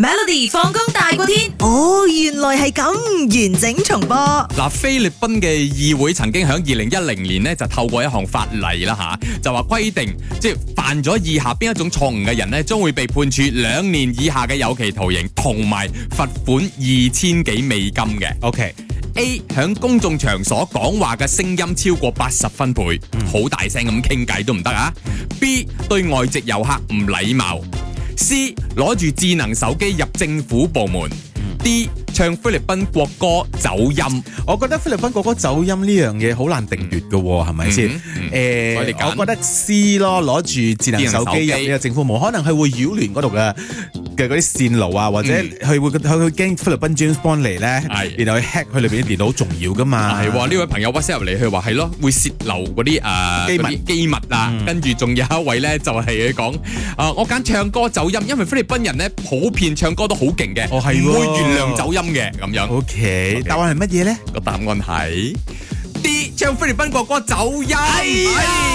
Melody 放工大過天，哦，原來係咁，完整重播。嗱，菲律賓嘅議會曾經喺二零一零年咧就透過一項法例啦吓，就話規定，即係犯咗以下邊一種錯誤嘅人咧，將會被判處兩年以下嘅有期徒刑同埋罰款二千幾美金嘅。OK，A 響公眾場所講話嘅聲音超過八十分貝，好 mm. 大聲咁傾偈都唔得啊。B 對外籍遊客唔禮貌。C 攞住智能手機入政府部門，D 唱菲律賓國歌走音，我覺得菲律賓國歌走音呢樣嘢好難定奪嘅，係咪先？誒，我覺得 C 咯，攞住智能手機入呢個政府部門，能可能係會擾亂嗰度嘅。嘅嗰啲線路啊，或者佢會佢佢驚菲律賓專幫嚟咧，然後去 hack 佢裏邊啲電腦好重要噶嘛，係呢位朋友 WhatsApp 入嚟，佢話係咯，會泄漏嗰啲誒機密機密啊。跟住仲有一位咧，就係佢講誒，我揀唱歌走音，因為菲律賓人咧普遍唱歌都好勁嘅，唔、哦、會原諒走音嘅咁樣。O okay, K，okay, 答案係乜嘢咧？個答案係。唱菲律賓國歌走音嗱，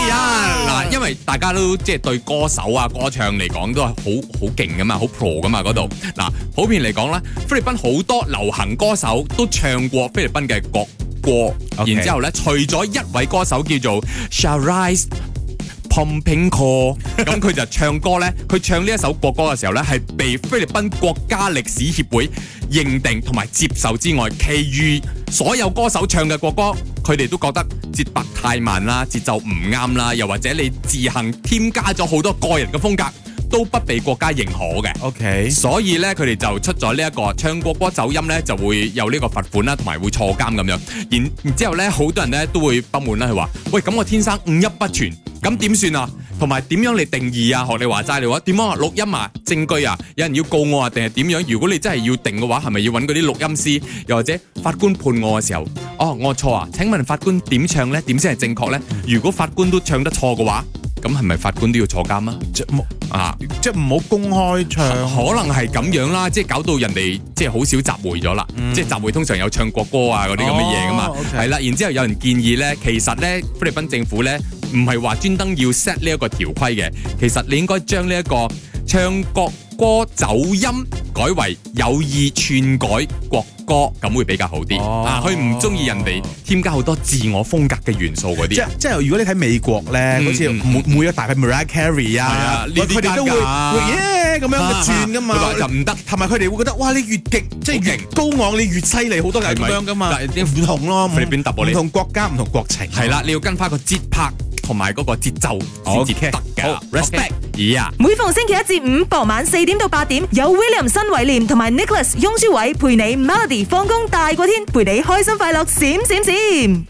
呀呀因為大家都即係對歌手啊，歌唱嚟講都係好好勁噶嘛，好 pro 噶嘛嗰度。嗱，普遍嚟講咧，菲律賓好多流行歌手都唱過菲律賓嘅國歌。Okay. 然之後咧，除咗一位歌手叫做 Charice Pempengco，咁佢就唱歌咧，佢唱呢一首國歌嘅時候咧，係被菲律賓國家歷史協會認定同埋接受之外，其餘所有歌手唱嘅國歌。佢哋都覺得節拍太慢啦，節奏唔啱啦，又或者你自行添加咗好多個人嘅風格，都不被國家認可嘅。OK，所以呢，佢哋就出咗呢一個唱國歌走音呢，就會有呢個罰款啦，同埋會坐監咁樣。然然之後呢，好多人呢都會不滿啦，佢話：喂，咁我天生五音不全，咁點算啊？同埋點樣嚟定義啊？你你學你話齋你話點樣錄音啊？證據啊？有人要告我啊？定係點樣？如果你真係要定嘅話，係咪要揾嗰啲錄音師，又或者法官判我嘅時候？哦，我錯啊！請問法官點唱咧？點先係正確咧？嗯、如果法官都唱得錯嘅話，咁係咪法官都要坐監啊？即唔啊即，即唔好公開唱。啊、可能係咁樣啦，即係搞到人哋即好少集會咗啦。嗯、即係集會通常有唱國歌啊嗰啲咁嘅嘢噶嘛，係啦 okay。然之後有人建議咧，其實咧菲律賓政府咧唔係話專登要 set 呢一個條規嘅，其實你應該將呢、呢、一個唱國歌走音。改為有意篡改國歌，咁會比較好啲。啊，佢唔中意人哋添加好多自我風格嘅元素嗰啲。即即係如果你睇美國咧，好似每每一大批 Mariah Carey 啊佢哋都會耶咁樣轉噶嘛。就唔得，同埋佢哋會覺得，哇！你越激即係越高昂，你越犀利，好多人都咁樣噶嘛。你唔同咯，唔同國家唔同國情。係啦，你要跟翻個節拍同埋嗰個節奏先至得噶。Yeah. 每逢星期一至五傍晚四點到八點，有 William 新偉廉同埋 Nicholas 翁舒偉陪你 Melody 放工大過天，陪你開心快樂閃閃閃，閃閃閃